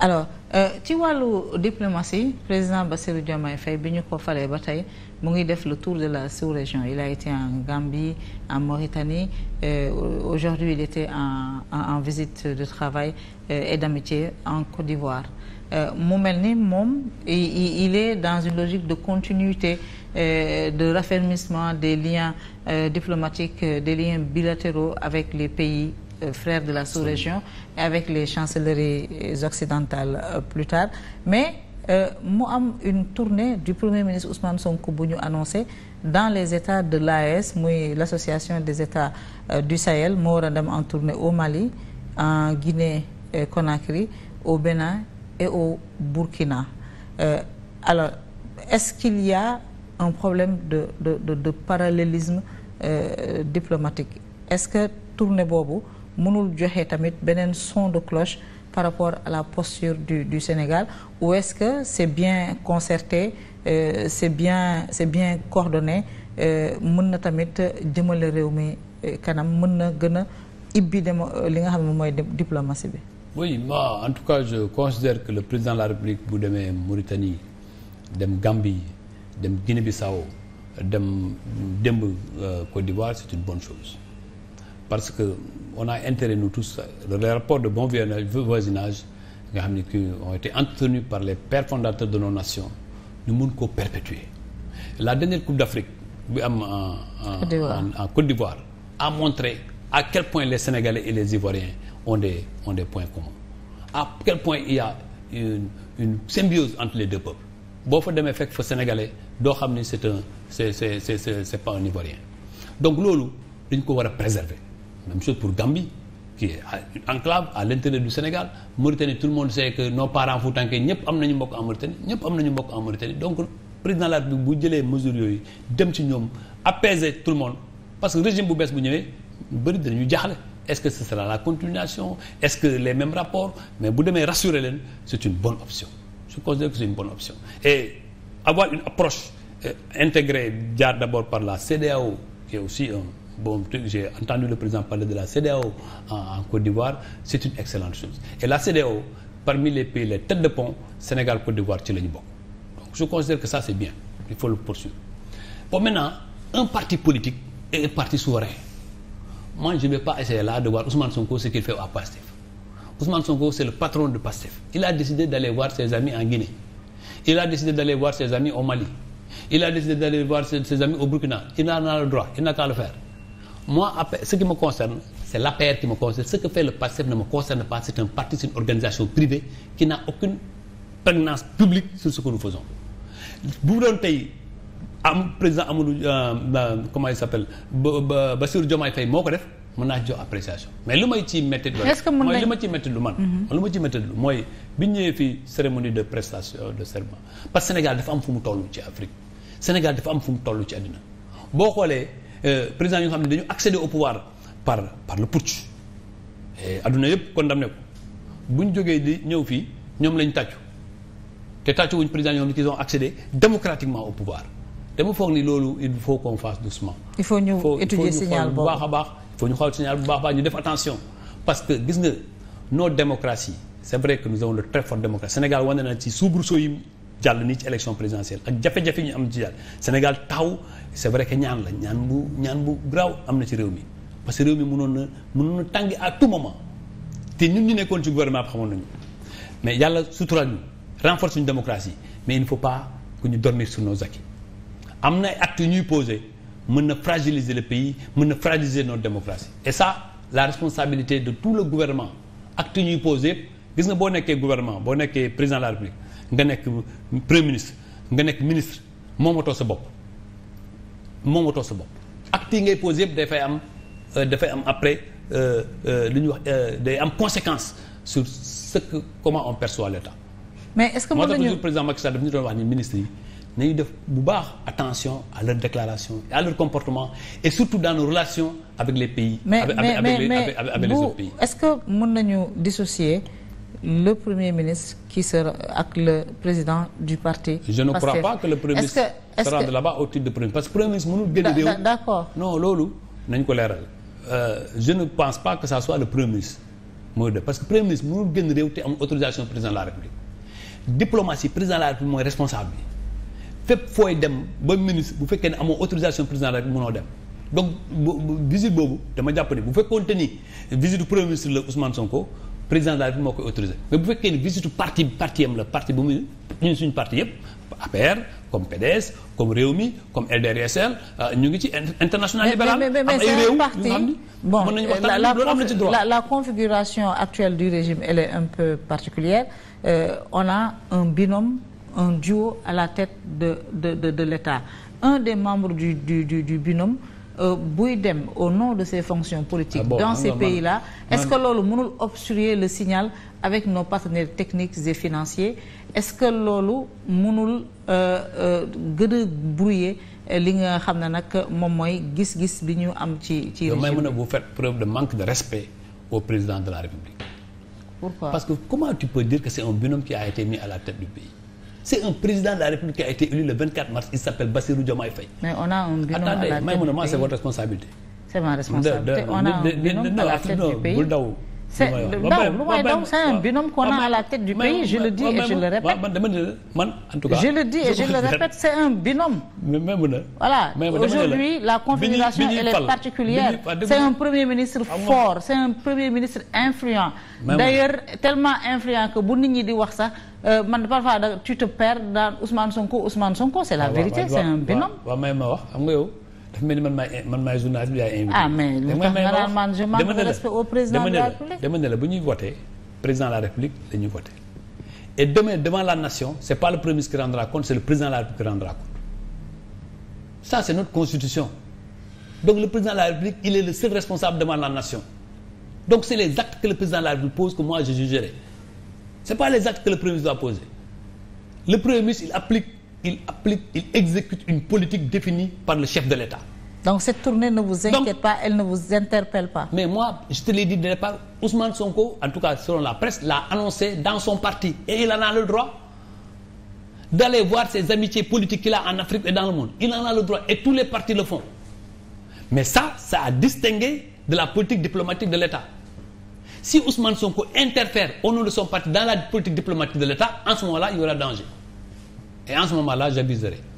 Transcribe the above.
alors euh, ci wàllu diplomatie président Bassirou Diomaye Faye bi ñu ko falee ba tey mu ngi def le tour de la sous-région il a été en Gambie en Mauritanie euh, aujourd'hui il était en, en en visite de travail euh, et d'amitié en Côte d'Ivoire euh, mu mel ni moom il est dans une logique de continuité euh, de raffermissement des liens euh, diplomatiques des liens bilatéraux avec les pays Euh, frères de la sous-région et avec les chancelleries euh, occidentales euh, plus tard mais mu am une tournée du premier ministre Ousmane Sonko bu ñu annoncé dans les états de l'AES muy l'association des états du Sahel moo war a dem en tournée au Mali en Guinée Conakry au Bénin et au Burkina alors est-ce qu'il y a un problème de de de, de parallélisme euh, diplomatique est-ce que tournée boobu mënul joxe tamit beneen son de cloche par rapport à la posture du Sénégal ou est-ce que c'est bien concerté euh, c'est bien c'est bien coordonné euh, mën na tamit jëmale réew mi euh, kanam mën na gën a ibbi dem euh, li nga xam ne mooy diplomatie bi. oui moi en tout cas je considère que le président de la République bu demee Mauritanie dem Gambie dem Guinée-Bissau dem démb Côte d'Ivoire c'est une bonne chose parce que. on a intérêt nous tous les rapports de bon voisinage nga xam ne qui ont été entretenus par les pères fondateurs de nos nations ñu mun koo perpétuer la dernière coupe d'Afrique bi am en en en Côte d'Ivoire a montré à quel point les Sénégalais et les Ivoiriens on des ont des points communs point il a une une symbiose entre les deux peuples boo fa demee fekk fa sénégalais doo xam ni c'est un c'est c'est c'est c'est pas un Ivoirien donc loolu dañ ko war a préserver Même chose pour Gambie, qui est une enclave à l'intérieur du Sénégal. Mauritanie, tout le monde sait que nos parents foutanké, ñëpp am nañu mbokk en Mauritanie, ñëpp am nañu mbokk en Mauritanie. Donc président la République bu jëlee mesures yooyu dem ci ñoom apaiser tout le monde parce que régime bu bees bu ñëwee bëri dinañu jaaxle est-ce que ce sera la continuation est-ce que les mêmes rapports mais bu demee rassurer leen c'est une bonne option je considère que c'est une euh, par la CEDEAO qui est aussi un bon, j'ai entendu le président parler de la CDAO en, en Côte d'Ivoire, c'est une excellente chose. Et la CDAO, parmi les pays, les têtes de pont, Sénégal, Côte d'Ivoire, Tchilani, bon. Donc je considère que ça, c'est bien. Il faut le poursuivre. Bon, maintenant, un parti politique et un parti souverain. Moi, je pas essayer là de voir Ousmane Sonko ce qu'il fait à PASTEF. Ousmane Sonko, c'est le patron de PASTEF. Il a décidé d'aller voir ses amis en Guinée. Il a décidé d'aller voir moi ce qui me concerne c'est l'APR qui me concerne ce que fait le PASTEF ne me concerne pas sur ce que nous faisons bu doon tey am président Amadou euh, euh, comment il s'appelle ba Bassirou Diomaye Faye moo ko def mën naa jox appréciation mais lu may ciy métti. lu man. Mhm. lu ma ciy métti lu mooy bi ñëwee fii cérémonie de prestation de serment parce que Sénégal dafa am fu mu toll ci Afrique Sénégal dafa am fu mu toll ci àddina boo xoolee. Euh, président yi xam ne dañu accédé au pouvoir par par le putsch et adduna yëpp condamné ko bu ñu jógee di ñëw fii ñoom lañ tàccu te tàccu wuñ président ñoom ils ont accédé démocratiquement au pouvoir dama ni loolu il faut qu'on fasse doucement. il faut ñu il faut ñu baax a baax il faut ñu xool signal bu baax a ñu def attention parce que gis nga nos démocraties c'est vrai que nous avons de très fortes démocraties Sénégal wane na ci soubresaut yi. jàll nii ci élection présidentielle ak jafe-jafe ñu am ci jàll Sénégal taw c'est vrai que ñaan la ñaan bu ñaan bu graw am na ci réew mi parce que réew mi munoon na mënoon na tàng à tout moment te ñun ñu nekkoon ci gouvernement xamoon nañu mais yàlla sutural ñu renforce suñu démocratie mais il ne faut pas que ñu dormir sur am na ay actes ñuy posé mun na fragiliser le pays mën na fragiliser notre démocratie et ça la responsabilité de tout le gouvernement actes yu ñuy posé gis nga boo nekkee gouvernement boo nekkee président la république nga nekk premier ministre nga nekk ministre moomatoo sa bopp moomatoo sa bopp acte yi ngay pose yëpp dafay am euh, dafay am après euh, euh, lu ñuy wax day am conséquence sur ce que comment on perçoit l'État mais est-ce que mën nañu président Macky daf ñu doon wax ni ministre yi nañu def bu baax attention à leur déclaration à leur comportement et surtout dans nos relations avec les pays. mais avec, mais avec, mais, avec, mais, avec, avec est-ce que mën nañu dissocier. le premier ministre qui sera ak le président du parti. je ne crois pas que le premier ministre sera parce que premier ministre mënul génn réew. loolu nañ ko leeral. Euh, je ne pense pas que le premier mooy def parce que premier ministre mënul génn réew te am autorisation président de la république diplomatie président la république mooy responsable bi fépp fooy dem ba ministre bu fekkee ne amoo autorisation président de la république mënoo dem. donc visite boobu dama jàpp ne bu fekkoonte ni visite premier ministre la Ousmane Sonko. président de la République moo koy autorisé mais bu fekkee ne visite parti parti am la parti bu muy ñun suñu parti yëpp APR comme PDS comme Rewmi comme LDRSL euh, ñu ngi ci international libéral am ay réew yu nga xam ni mën la la configuration actuelle du régime elle est un peu particulière euh, on a un binôme un duo à la tête de de de de l'État un des membres du du du, du binôme Euh, buy dem au nom de ses fonctions politiques. Ah dans ces pays là est-ce que loolu mënul obstruer le signal avec nos partenaires techniques et financiers est-ce que loolu mënul euh, euh, gën a brouiller li nga xam ne nag moom mooy gis-gis bi ñu am ci ci. régime mën a vous faites preuve de manque de respect au président de la République. pourquoi parce que comment tu peux dire que c'est un binôme qui a été mis à la tête du pays. c'est un président de la République a été élu le 24 mars il s'appelle Bassirou Diomaye Faye. mais on a un binôme à la tête du pays attendez may ma ne ma c'est votre responsabilité. on a un binôme à la tête c'est daw lu may daw c'est un binôme qu'on a la tête du pays je le dis et je le répète c'est un binôme voilà aujourd'hui la configuration elle est particulière c'est un premier ministre fort c'est un premier ministre influent d'ailleurs tellement influent que bu nit ñi di wax sax euh, man parfois da tu te perds dans Ousmane Sonko Ousmane c'est la ah, vérité c'est un binôme dafa mel ni man maay man maay journaliste bi yaay invité. ah mais lu tax nga naan man président de la République dama ne la bu ñuy voté président de la République la ñuy voté et demain devant la nation c' est pas le premier ministre qui rendra compte c' le président de la République qui rendra compte ça notre constitution donc le président de la République il est le seul responsable devant la nation donc c' les actes que le président de la République pose que moi je jugerai c' pas les il applique il exécute une politique définie par le chef de l'État donc cette tournée ne vous inquiète donc, pas elle ne vous interpelle pas mais moi je te l'ai dit de départ Ousmane Sonko en tout cas selon la presse l'a annoncé dans son parti et il en a le droit d'aller voir ses amitiés politiques qu'il a en Afrique et dans le monde il en a le droit et tous les partis le font mais ça ça a distingué de la politique diplomatique de l'État si Ousmane Sonko interfère au nom et en ce moment là j'abuserai